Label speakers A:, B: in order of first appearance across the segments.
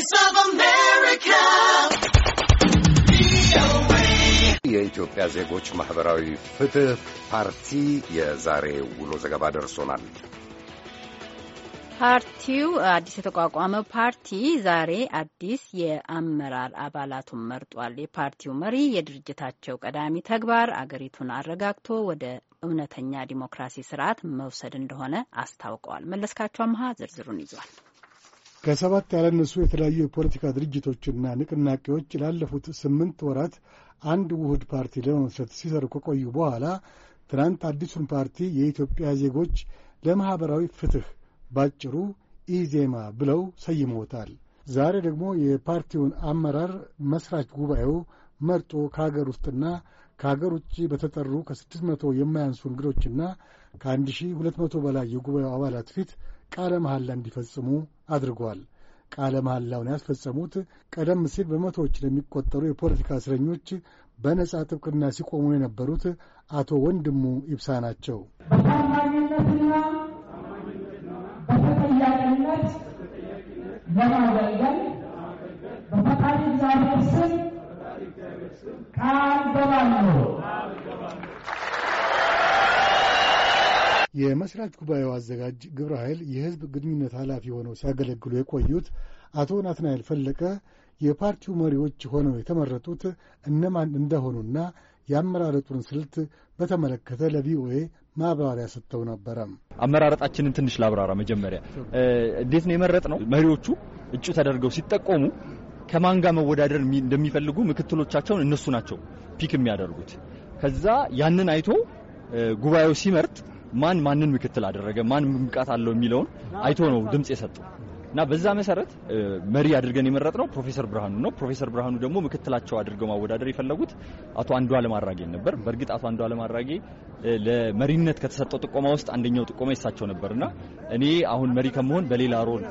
A: Voice of America.
B: የኢትዮጵያ ዜጎች ማህበራዊ ፍትህ ፓርቲ የዛሬ ውሎ ዘገባ ደርሶናል።
C: ፓርቲው አዲስ የተቋቋመው ፓርቲ ዛሬ አዲስ የአመራር አባላቱን መርጧል። የፓርቲው መሪ የድርጅታቸው ቀዳሚ ተግባር አገሪቱን አረጋግቶ ወደ እውነተኛ ዲሞክራሲ ስርዓት መውሰድ እንደሆነ አስታውቀዋል። መለስካቸው አምሃ ዝርዝሩን ይዟል።
B: ከሰባት ያላነሱ የተለያዩ የፖለቲካ ድርጅቶችና ንቅናቄዎች ላለፉት ስምንት ወራት አንድ ውህድ ፓርቲ ለመመስረት ሲሰሩ ከቆዩ በኋላ ትናንት አዲሱን ፓርቲ የኢትዮጵያ ዜጎች ለማኅበራዊ ፍትሕ ባጭሩ ኢዜማ ብለው ሰይመውታል። ዛሬ ደግሞ የፓርቲውን አመራር መስራች ጉባኤው መርጦ ከሀገር ውስጥና ከሀገር ውጭ በተጠሩ ከስድስት መቶ የማያንሱ እንግዶችና ከአንድ ሺህ ሁለት መቶ በላይ የጉባኤው አባላት ፊት ቃለ መሐላ እንዲፈጽሙ አድርጓል። ቃለ መሐላውን ያስፈጸሙት ቀደም ሲል በመቶዎች ለሚቆጠሩ የፖለቲካ እስረኞች በነጻ ጥብቅና ሲቆሙ የነበሩት አቶ ወንድሙ ኢብሳ ናቸው።
C: በታማኝነትና
A: በተጠያቂነት በማገልገል በፈጣሪ እግዚአብሔር ስም ቃል ገባለሁ
B: የመስራች ጉባኤው አዘጋጅ ግብረ ኃይል የህዝብ ግንኙነት ኃላፊ ሆነው ሲያገለግሉ የቆዩት አቶ ናትናኤል ፈለቀ የፓርቲው መሪዎች ሆነው የተመረጡት እነማን እንደሆኑና የአመራረጡን ስልት በተመለከተ ለቪኦኤ ማብራሪያ ሰጥተው ነበረ።
C: አመራረጣችንን ትንሽ ላብራራ። መጀመሪያ እንዴት ነው የመረጥ ነው? መሪዎቹ እጩ ተደርገው ሲጠቆሙ ከማን ጋር መወዳደር እንደሚፈልጉ ምክትሎቻቸውን እነሱ ናቸው ፒክ የሚያደርጉት። ከዛ ያንን አይቶ ጉባኤው ሲመርጥ ማን ማንን ምክትል አደረገ፣ ማን ብቃት አለው የሚለውን አይቶ ነው ድምፅ የሰጡ። እና በዛ መሰረት መሪ አድርገን የመረጥ ነው ፕሮፌሰር ብርሃኑ ነው። ፕሮፌሰር ብርሃኑ ደግሞ ምክትላቸው አድርገው ማወዳደር የፈለጉት አቶ አንዱዓለም አራጌ ነበር። በእርግጥ አቶ አንዱዓለም አራጌ ለመሪነት ከተሰጠው ጥቆማ ውስጥ አንደኛው ጥቆማ ይሳቸው እና እኔ አሁን መሪ ከመሆን በሌላ ሮል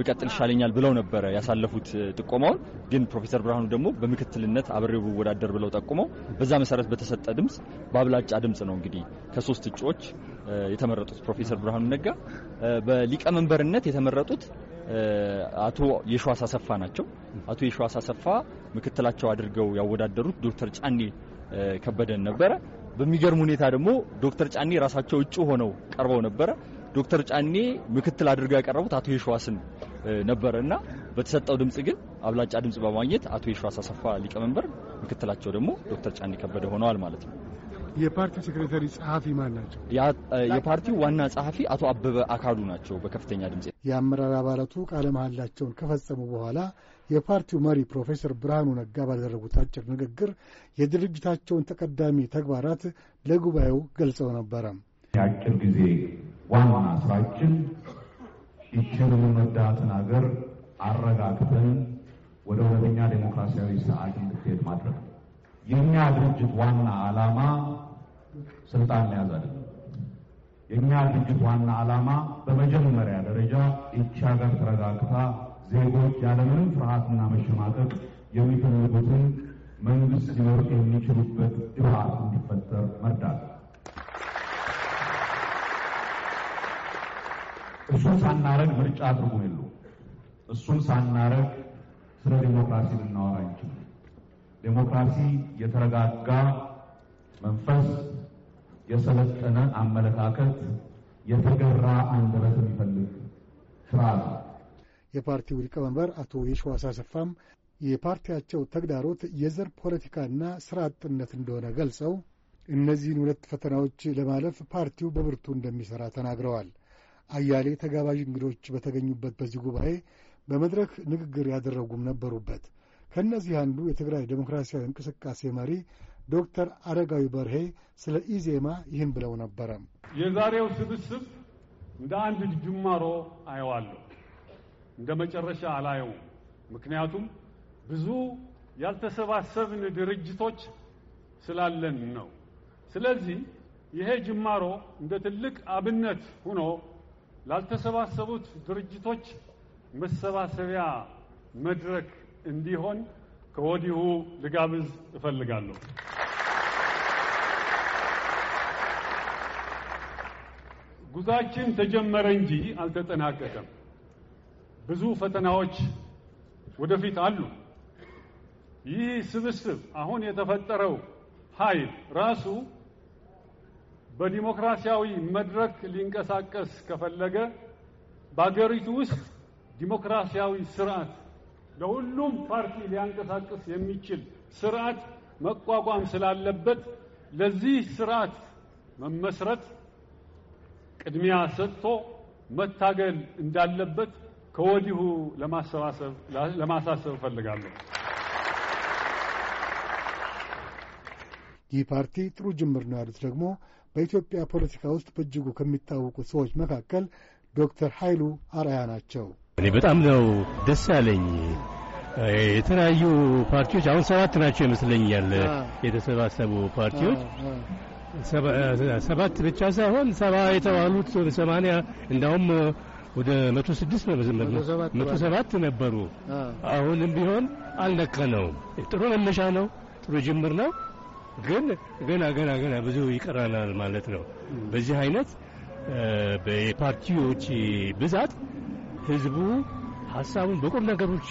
C: ብቀጥል ይሻለኛል ብለው ነበረ ያሳለፉት ጥቆማውን። ግን ፕሮፌሰር ብርሃኑ ደግሞ በምክትልነት አብሬው ብወዳደር ብለው ጠቁመው በዛ መሰረት በተሰጠ ድምፅ በአብላጫ ድምፅ ነው እንግዲህ ከሶስት እጩዎች የተመረጡት ፕሮፌሰር ብርሃኑ ነጋ በሊቀመንበርነት የተመረጡት አቶ የሸዋስ አሰፋ ናቸው። አቶ የሸዋስ አሰፋ ምክትላቸው አድርገው ያወዳደሩት ዶክተር ጫኔ ከበደን ነበረ። በሚገርም ሁኔታ ደግሞ ዶክተር ጫኔ ራሳቸው እጩ ሆነው ቀርበው ነበረ። ዶክተር ጫኔ ምክትል አድርገው ያቀረቡት አቶ የሸዋስን ነበረ እና በተሰጠው ድምጽ ግን አብላጫ ድምጽ በማግኘት አቶ የሸዋስ አሰፋ ሊቀመንበር፣ ምክትላቸው ደግሞ ዶክተር ጫኔ ከበደ ሆነዋል ማለት ነው።
B: የፓርቲ ሴክሬታሪ ጸሐፊ ማን ናቸው?
C: የፓርቲው ዋና ጸሐፊ አቶ አበበ አካሉ ናቸው። በከፍተኛ ድምፅ
B: የአመራር አባላቱ ቃለ መሐላቸውን ከፈጸሙ በኋላ የፓርቲው መሪ ፕሮፌሰር ብርሃኑ ነጋ ባደረጉት አጭር ንግግር የድርጅታቸውን ተቀዳሚ ተግባራት ለጉባኤው ገልጸው ነበረ።
C: የአጭር ጊዜ ዋና ስራችን ይችን የምንወዳትን ሀገር አረጋግተን ወደ እውነተኛ ዴሞክራሲያዊ ስርዓት እንድትሄድ ማድረግ ነው። የእኛ ድርጅት ዋና ዓላማ ስልጣን መያዝ አይደለም። የእኛ ድርጅት ዋና ዓላማ በመጀመሪያ ደረጃ ይቺ ሀገር ተረጋግታ ዜጎች ያለምንም ፍርሃትና መሸማቀቅ የሚፈልጉትን መንግስት ሊኖር የሚችሉበት ግብዓት እንዲፈጠር መርዳት። እሱን ሳናረግ ምርጫ ትርጉም የለውም። እሱን ሳናረግ ስለ ዲሞክራሲ ልናወራ አንችልም። ዴሞክራሲ የተረጋጋ መንፈስ፣ የሰለጠነ አመለካከት፣ የተገራ አንደበት የሚፈልግ ነው።
B: የፓርቲው ሊቀመንበር አቶ የሸዋስ አሰፋም የፓርቲያቸው ተግዳሮት የዘር ፖለቲካና ስራ አጥነት እንደሆነ ገልጸው እነዚህን ሁለት ፈተናዎች ለማለፍ ፓርቲው በብርቱ እንደሚሠራ ተናግረዋል። አያሌ ተጋባዥ እንግዶች በተገኙበት በዚህ ጉባኤ በመድረክ ንግግር ያደረጉም ነበሩበት። ከእነዚህ አንዱ የትግራይ ዴሞክራሲያዊ እንቅስቃሴ መሪ ዶክተር አረጋዊ በርሄ ስለ ኢዜማ ይህን ብለው ነበረ።
A: የዛሬው ስብስብ እንደ አንድ ጅማሮ አየዋለሁ፣ እንደ መጨረሻ አላየው። ምክንያቱም ብዙ ያልተሰባሰብን ድርጅቶች ስላለን ነው። ስለዚህ ይሄ ጅማሮ እንደ ትልቅ አብነት ሆኖ ላልተሰባሰቡት ድርጅቶች መሰባሰቢያ መድረክ እንዲሆን ከወዲሁ ልጋብዝ እፈልጋለሁ። ጉዟችን ተጀመረ እንጂ አልተጠናቀቀም። ብዙ ፈተናዎች ወደፊት አሉ። ይህ ስብስብ አሁን የተፈጠረው ኃይል ራሱ በዲሞክራሲያዊ መድረክ ሊንቀሳቀስ ከፈለገ በአገሪቱ ውስጥ ዲሞክራሲያዊ ስርዓት ለሁሉም ፓርቲ ሊያንቀሳቅስ የሚችል ስርዓት መቋቋም ስላለበት ለዚህ ስርዓት መመስረት ቅድሚያ ሰጥቶ መታገል እንዳለበት ከወዲሁ ለማሳሰብ እፈልጋለሁ።
B: ይህ ፓርቲ ጥሩ ጅምር ነው ያሉት ደግሞ በኢትዮጵያ ፖለቲካ ውስጥ በእጅጉ ከሚታወቁ ሰዎች መካከል ዶክተር ኃይሉ አርአያ ናቸው።
C: እኔ በጣም ነው ደስ
B: ያለኝ። የተለያዩ ፓርቲዎች አሁን ሰባት ናቸው ይመስለኛል የተሰባሰቡ ፓርቲዎች ሰባት ብቻ ሳይሆን ሰባ የተባሉት ሰማንያ እንዳውም ወደ መቶ ስድስት መቶ ሰባት ነበሩ። አሁንም ቢሆን አልነካነውም። ጥሩ መነሻ ነው፣ ጥሩ ጅምር ነው። ግን ገና ገና ገና ብዙ ይቀራናል ማለት ነው። በዚህ አይነት በፓርቲዎች ብዛት ህዝቡ ሀሳቡን በቁም ነገሮች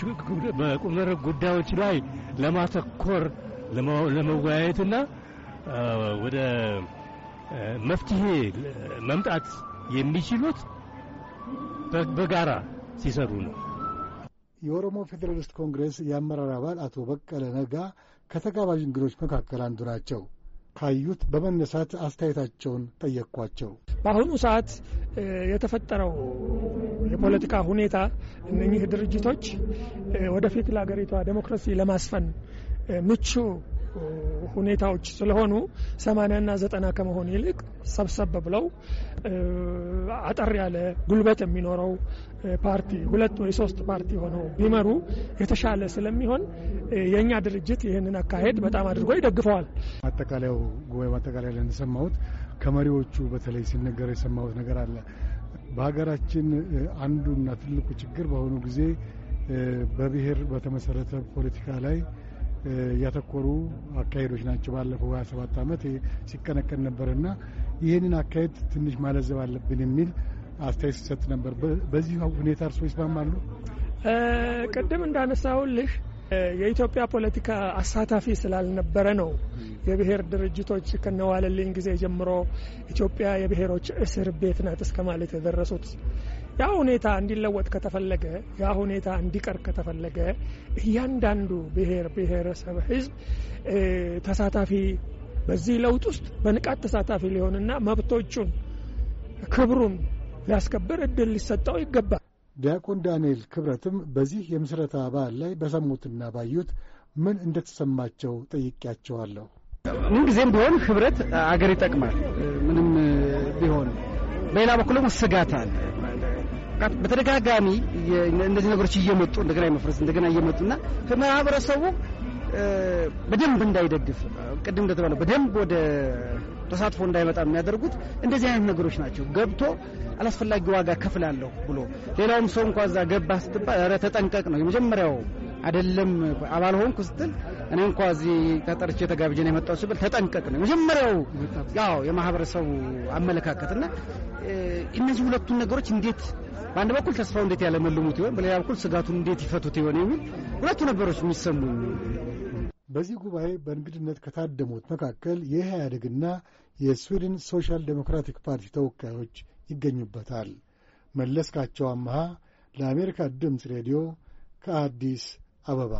B: በቁም ነገር ጉዳዮች ላይ ለማተኮር ለመወያየትና ወደ መፍትሄ መምጣት የሚችሉት በጋራ ሲሰሩ ነው። የኦሮሞ ፌዴራሊስት ኮንግሬስ የአመራር አባል አቶ በቀለ ነጋ ከተጋባዥ እንግዶች መካከል አንዱ ናቸው። ካዩት በመነሳት አስተያየታቸውን ጠየቅኳቸው።
C: በአሁኑ ሰዓት የተፈጠረው የፖለቲካ ሁኔታ እነኚህ ድርጅቶች ወደፊት ለሀገሪቷ ዴሞክራሲ ለማስፈን ምቹ ሁኔታዎች ስለሆኑ ሰማንያና ዘጠና ከመሆን ይልቅ ሰብሰብ ብለው አጠር ያለ ጉልበት የሚኖረው ፓርቲ ሁለት ወይ ሶስት ፓርቲ ሆነው ቢመሩ የተሻለ ስለሚሆን የእኛ ድርጅት ይህንን አካሄድ በጣም አድርጎ ይደግፈዋል።
B: ማጠቃለያው ጉባኤ ማጠቃለያ ላይ እንደሰማሁት ከመሪዎቹ በተለይ ሲነገር የሰማሁት ነገር አለ። በሀገራችን አንዱና ትልቁ ችግር በአሁኑ ጊዜ በብሔር በተመሰረተ ፖለቲካ ላይ ያተኮሩ አካሄዶች ናቸው። ባለፈው 27 ዓመት ሲቀነቀን ነበርና ይህንን አካሄድ ትንሽ ማለዘብ አለብን የሚል አስተያየት ሲሰጥ ነበር። በዚህ ሁኔታ እርስዎ ይስማማሉ?
C: ቅድም ልህ የኢትዮጵያ ፖለቲካ አሳታፊ ስላልነበረ ነው። የብሔር ድርጅቶች ከነዋለልኝ ጊዜ ጀምሮ ኢትዮጵያ የብሔሮች እስር ቤት ናት እስከ ማለት የደረሱት ያ ሁኔታ እንዲለወጥ ከተፈለገ ያ ሁኔታ እንዲቀር ከተፈለገ እያንዳንዱ ብሔር ብሔረሰብ ህዝብ ተሳታፊ በዚህ ለውጥ ውስጥ በንቃት ተሳታፊ ሊሆንና መብቶቹን ክብሩን
B: ሊያስከብር እድል ሊሰጠው ይገባል። ዲያቆን ዳንኤል ክብረትም በዚህ የምስረታ በዓል ላይ በሰሙትና ባዩት ምን እንደተሰማቸው ጠይቄያቸዋለሁ። ምንጊዜም ቢሆን ህብረት አገር ይጠቅማል። ምንም ቢሆን በሌላ
C: በኩል ደግሞ ስጋት አለ። በተደጋጋሚ እነዚህ ነገሮች እየመጡ እንደገና የመፍረስ እንደገና እየመጡና ማህበረሰቡ በደንብ እንዳይደግፍ ቅድም እንደተባለው በደንብ ወደ ተሳትፎ እንዳይመጣ የሚያደርጉት እንደዚህ አይነት ነገሮች ናቸው። ገብቶ
B: አላስፈላጊ ዋጋ ከፍላለሁ ብሎ ሌላውም ሰው እንኳ እዛ ገባ ስትባል ኧረ ተጠንቀቅ ነው የመጀመሪያው። አይደለም አባል ሆንኩ ስትል እኔ እንኳ እዚህ ተጠርቼ ተጋብዤ ነው የመጣሁት ተጠንቀቅ ነው የመጀመሪያው። ያው የማህበረሰቡ አመለካከትና እነዚህ ሁለቱን ነገሮች እንዴት በአንድ በኩል ተስፋው እንዴት ያለመልሙት ይሆን፣ በሌላ በኩል ስጋቱን እንዴት ይፈቱት ይሆን የሚል ሁለቱ ነበሮች የሚሰሙ በዚህ ጉባኤ በእንግድነት ከታደሙት መካከል የኢህአዴግና የስዊድን ሶሻል ዴሞክራቲክ ፓርቲ ተወካዮች ይገኙበታል። መለስካቸው አመሃ ለአሜሪካ ድምፅ ሬዲዮ ከአዲስ አበባ